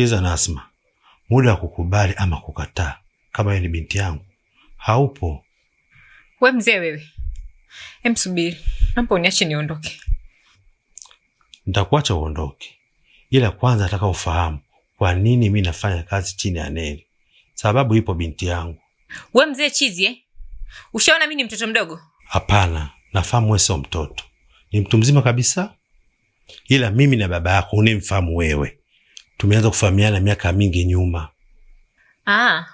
Sikiza Nasma, muda wa kukubali ama kukataa kama yeye ni binti yangu haupo. We mzee wewe, subiri, naomba uniache niondoke. Ntakuacha uondoke, ila kwanza nataka ufahamu kwa nini mi nafanya kazi chini ya Neli. Sababu ipo, binti yangu. We mzee chizi eh? Ushaona mi ni mtoto mdogo? Hapana, nafahamu we sio mtoto, ni mtu mzima kabisa, ila mimi na baba yako unimfahamu wewe tumeanza kufahamiana miaka mingi nyuma. Ah,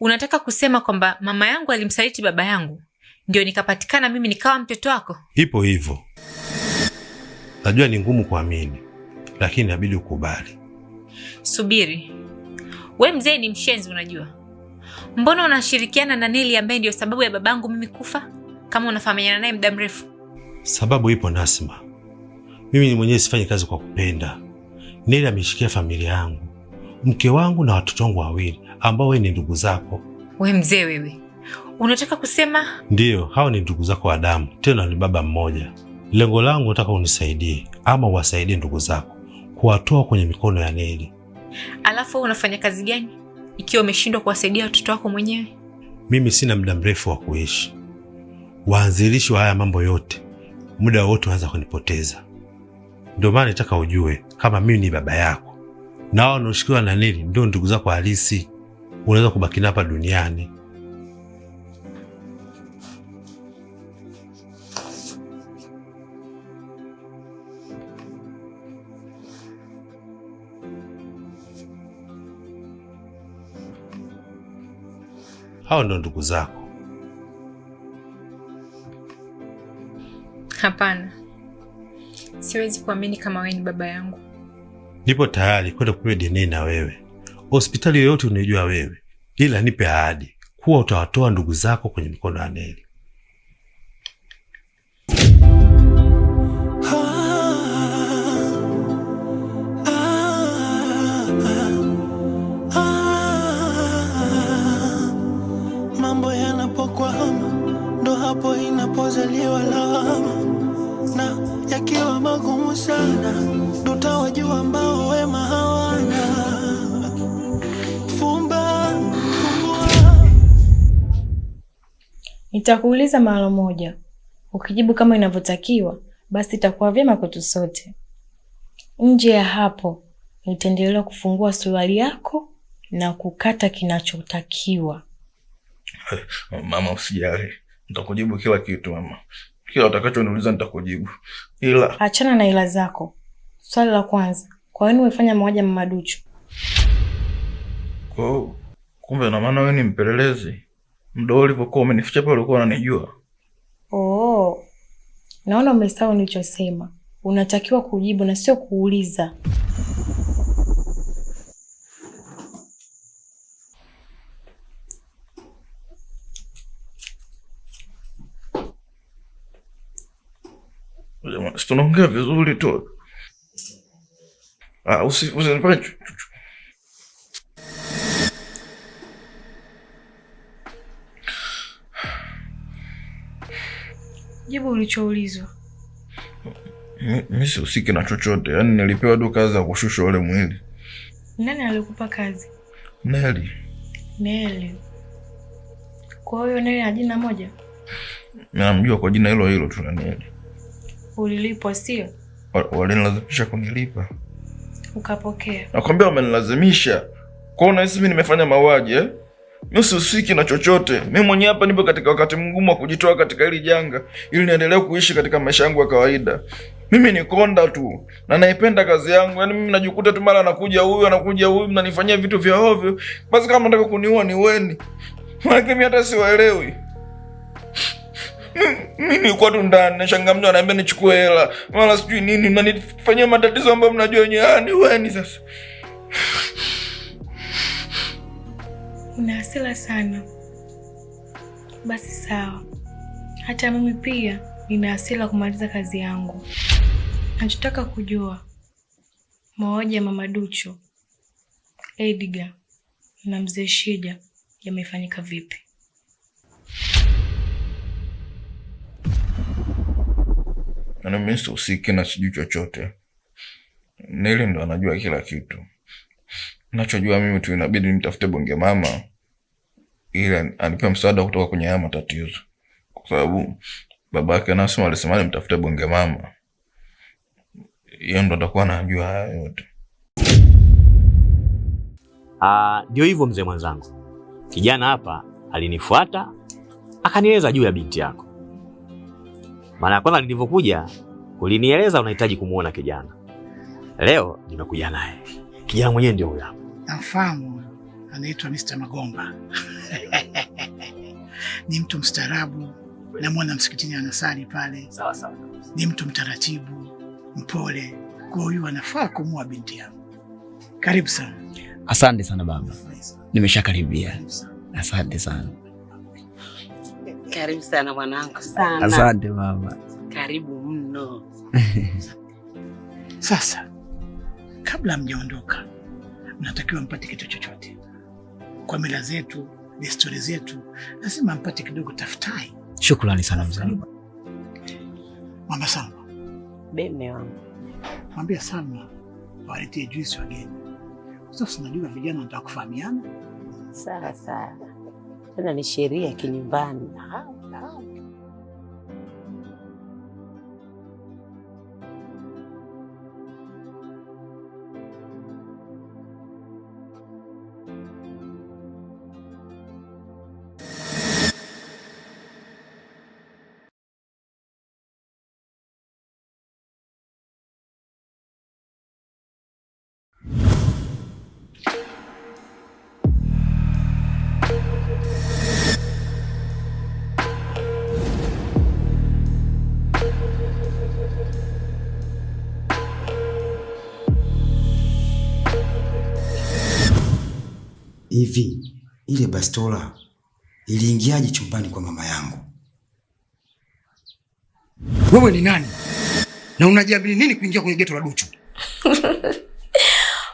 unataka kusema kwamba mama yangu alimsaliti baba yangu ndio nikapatikana mimi nikawa mtoto wako? Ipo hivyo. Najua ni ngumu kuamini, lakini inabidi ukubali. Subiri, we mzee ni mshenzi, unajua. Mbona unashirikiana na Neli ambaye ndiyo sababu ya babangu mimi kufa, kama unafahamiana naye muda mrefu? Sababu ipo Nasma, mimi ni mwenyewe sifanyi kazi kwa kupenda Neli ameshikia familia yangu, mke wangu na watoto wangu wawili ambao wewe ni ndugu zako. We mzee wewe, unataka kusema? Ndiyo, hao ni ndugu zako wa damu, tena ni baba mmoja. Lengo langu nataka unisaidie ama uwasaidie ndugu zako kuwatoa kwenye mikono ya Neli. Alafu unafanya kazi gani ikiwa umeshindwa kuwasaidia watoto wako mwenyewe? Mimi sina muda mrefu wa kuishi. Waanzilishi wa haya mambo yote muda wote waanza kunipoteza, ndio maana nataka ujue kama mimi ni baba yako na wao wanaoshikiwa na nini ndio ndugu zako halisi, unaweza kubaki hapa duniani. Hao ndio ndugu zako. Hapana, siwezi kuamini kama wewe ni baba yangu nipo tayari kwenda kupewa DNA na wewe hospitali yoyote unaijua wewe, ila nipe ahadi kuwa utawatoa ndugu zako kwenye mikono ya Neli. Mambo yanapokwama ndo hapo inapozaliwa lawama, na yakiwa magumu sana Nitakuuliza mara moja, ukijibu kama inavyotakiwa, basi itakuwa vyema kwetu sote. Nje ya hapo, nitaendelea kufungua suruali yako na kukata kinachotakiwa. Eh, mama usijali, nitakujibu kila kitu mama, kila utakachoniuliza nitakujibu, ila achana na ila zako. Swali la kwanza, kwa nini umefanya mauaji ya mama Duchu? Kumbe na maana wewe ni mpelelezi? mdo ulivyokuwa umenificha pale ulikuwa unanijua. Oh, naona umesahau nilichosema. Unatakiwa kujibu na sio kuuliza. Tunaongea vizuri tu. Ah, usifanye ulichoulizwa? Mimi sihusiki na chochote, yaani nilipewa tu kazi ya kushusha ule mwili. Nani alikupa kazi? Neli. Neli. Kwa hiyo Neli na jina moja? Namjua kwa jina hilo hilo tu na Neli. Ulilipwa sio? Walinilazimisha kunilipa. Ukapokea? Nakwambia wamenilazimisha. Kwa hiyo unahisi mimi nimefanya mauaji eh? Mimi na chochote. Mi mwenyewe hapa nipo katika wakati mgumu wa kujitoa katika hili janga ili niendelee kuishi katika maisha yangu ya kawaida. Mimi ni konda tu na naipenda kazi yangu. Yaani mimi najikuta tu mara anakuja huyu anakuja huyu mnanifanyia vitu vya ovyo. Basi kama nataka kuniua niweni. manake mi hata siwaelewi. Mi nilikuwa tu ndani nashangaa mtu nichukue hela. Mara sijui nini mnanifanyia matatizo ambayo mnajua wenyewe. Ah, niweni sasa. Una hasira sana. Basi sawa, hata mimi pia nina hasira kumaliza kazi yangu. Nachotaka kujua mauaji ya mama Ducho, Edgar na mzee Shija yamefanyika vipi? Yaani mimi sihusiki na sijui chochote. Neli ndo anajua kila kitu. Nachojua mimi tu inabidi nimtafute bonge mama ili anipe msaada kutoka kwenye haya matatizo, kwa sababu baba yake anasema alisema nimtafute bonge mama, yeye ndo atakuwa anajua haya yote. Ah, ndio hivyo mzee mwenzangu, kijana hapa alinifuata akanieleza juu ya binti yako. Maana ya kwanza nilivyokuja ulinieleza unahitaji kumuona kijana, leo nimekuja naye kijana mwenyewe ndio huyo hapa namfahamu, anaitwa Mr. Magomba ni mtu mstaarabu, namwona msikitini anasali pale. Sawa sawa, ni mtu mtaratibu, mpole, kwa hiyo anafaa kumua binti yangu. Karibu sana. Asante sana baba, nimeshakaribia. Asante sana. Karibu sana mwanangu. Sana. Asante baba, karibu mno. Sasa kabla mjaondoka natakiwa mpate kitu chochote. Kwa mila zetu, desturi zetu, lazima mpate kidogo taftai. Shukrani sana mzee. Mama Salma, beme wangu, mwambia Salma waletie juisi wageni. Sasa najua vijana wanataka kufahamiana. Sawa sawa, tena ni sheria kinyumbani. hivi ile bastola iliingiaje chumbani kwa mama yangu? Wewe ni nani na unajiamini nini kuingia kwenye geto la Duchu?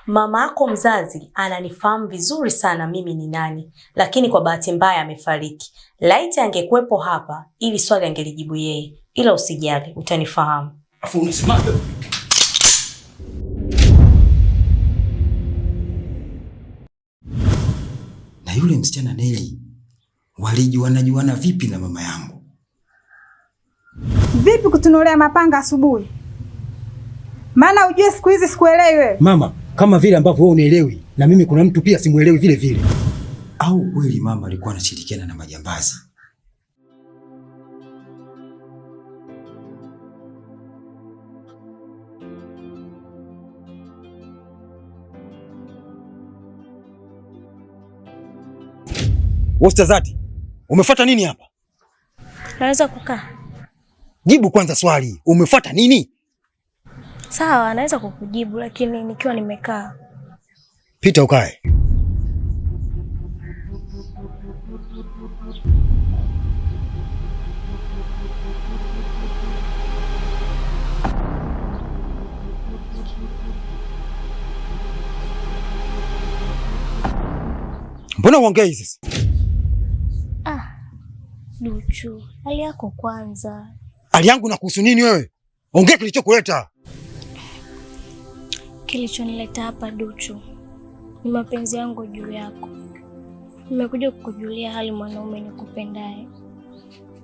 Mama yako mzazi ananifahamu vizuri sana mimi ni nani, lakini kwa bahati mbaya amefariki. Laiti angekuwepo hapa, ili swali angelijibu yeye, ila usijali, utanifahamu. Afu unasimama yule msichana Neli walijuana vipi na mama yangu? Vipi kutunulia mapanga asubuhi? Maana ujue siku hizi sikuelewi wewe. Mama, kama vile ambavyo wewe unielewi na mimi kuna mtu pia simuelewi vile vile. Au kweli mama alikuwa anashirikiana na majambazi? Zati, umefuata nini hapa? Naweza kukaa? Jibu kwanza swali, umefuata nini? Sawa, naweza kukujibu lakini nikiwa nimekaa. Pita ukae. Mbona uongei sasa? Duchu, hali yako kwanza. Hali yangu na kuhusu nini wewe? Ongea kilichokuleta. Kilichonileta hapa Duchu ni mapenzi yangu juu yako. Nimekuja kukujulia hali mwanaume nikupendaye.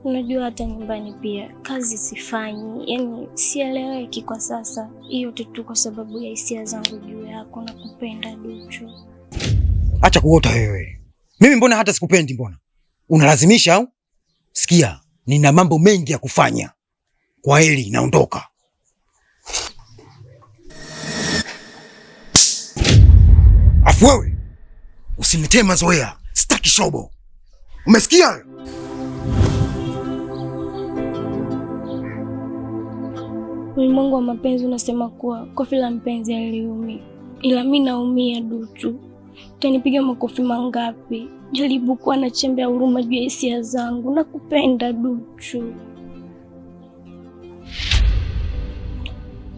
Unajua hata nyumbani pia kazi sifanyi, yaani sieleweki kwa sasa. Hiyo tu kwa sababu ya hisia zangu juu yako na kupenda Duchu. Acha kuota wewe. Mimi mbona hata sikupendi mbona? Unalazimisha au? sikia, nina mambo mengi ya kufanya. Kwa heri, naondoka. Afu wewe usinitee mazoea, sitaki shobo, umesikia? Ulimwengu wa mapenzi unasema kuwa kofi la mpenzi aliumi, ila mi naumia dutu utanipiga makofi mangapi? Jaribu kuwa na chembe ya huruma juu ya hisia zangu. Nakupenda Duchu.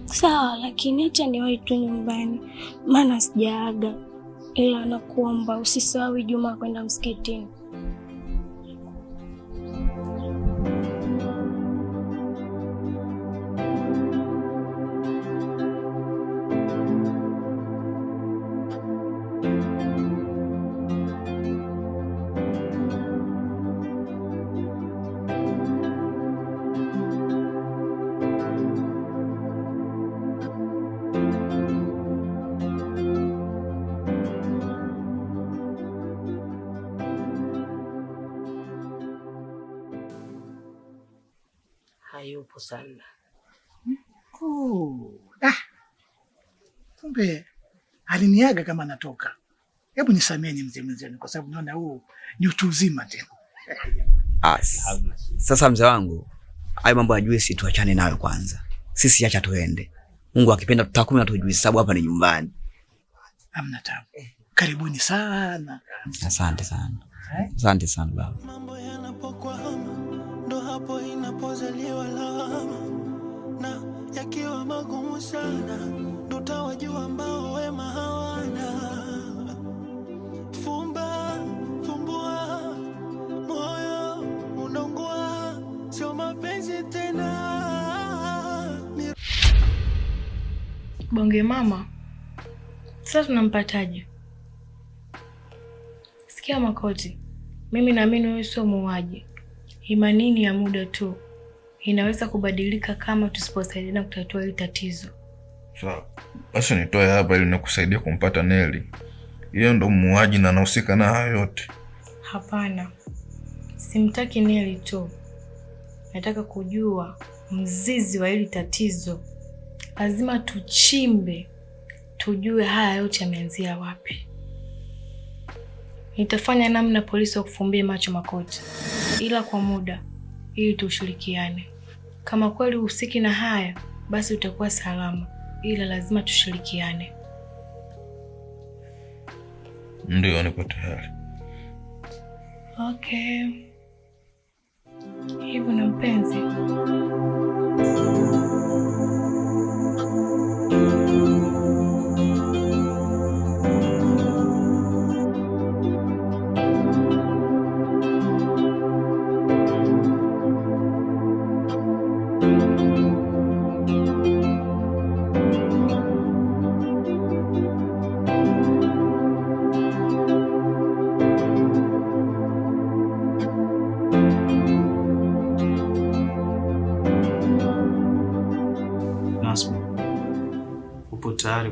Sawa, lakini acha niwahi tu nyumbani, maana sijaaga, ila nakuomba usisahau Ijumaa kwenda msikitini. sana. Oh, ah. Kumbe aliniaga kama natoka. Hebu nisameni mzee mwenzenu, kwa sababu naona huu ni utu uzima tena. As. Sasa mzee wangu, hayo mambo ya juisi tuachane nayo kwanza. Sisi acha tuende, Mungu akipenda tutakumi na natujui, sababu hapa ni nyumbani. Amna tabu. Karibuni sana. Asante sana, eh? asante sana baba. Mambo ndo hapo inapozaliwa lawama, na yakiwa magumu sana, ndo utawajua ambao wema hawana. Fumba fumbua, moyo unaungua, sio mapenzi tena. Bonge mama, sasa tunampataje? Sikia Makoti, mimi naamini huyu sio muuaji Imani ni ya muda tu, inaweza kubadilika kama tusiposaidiana kutatua hili tatizo. Sawa, basi nitoe hapa ili nikusaidia kumpata Neli. Hiyo ndo muuaji na anahusika na hayo yote. Hapana, simtaki Neli tu, nataka kujua mzizi wa hili tatizo. Lazima tuchimbe, tujue haya yote yameanzia wapi. Nitafanya namna polisi wakufumbie macho Makoti, ila kwa muda, ili tushirikiane. Kama kweli uhusiki na haya, basi utakuwa salama, ila lazima tushirikiane. Ndio, niko tayari. Okay, hivyo na mpenzi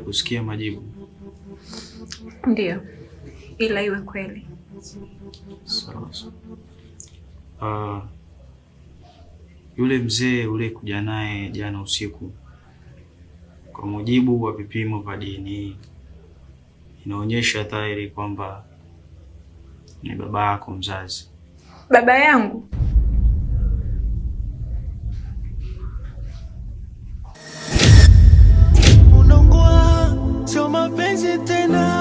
kusikia majibu. ndio ila iwe kweli. Sawa sawa. Uh, yule mzee kuja naye jana usiku, kwa mujibu wa vipimo vya DNA inaonyesha dhahiri kwamba ni baba yako mzazi. Baba yangu? যেতে না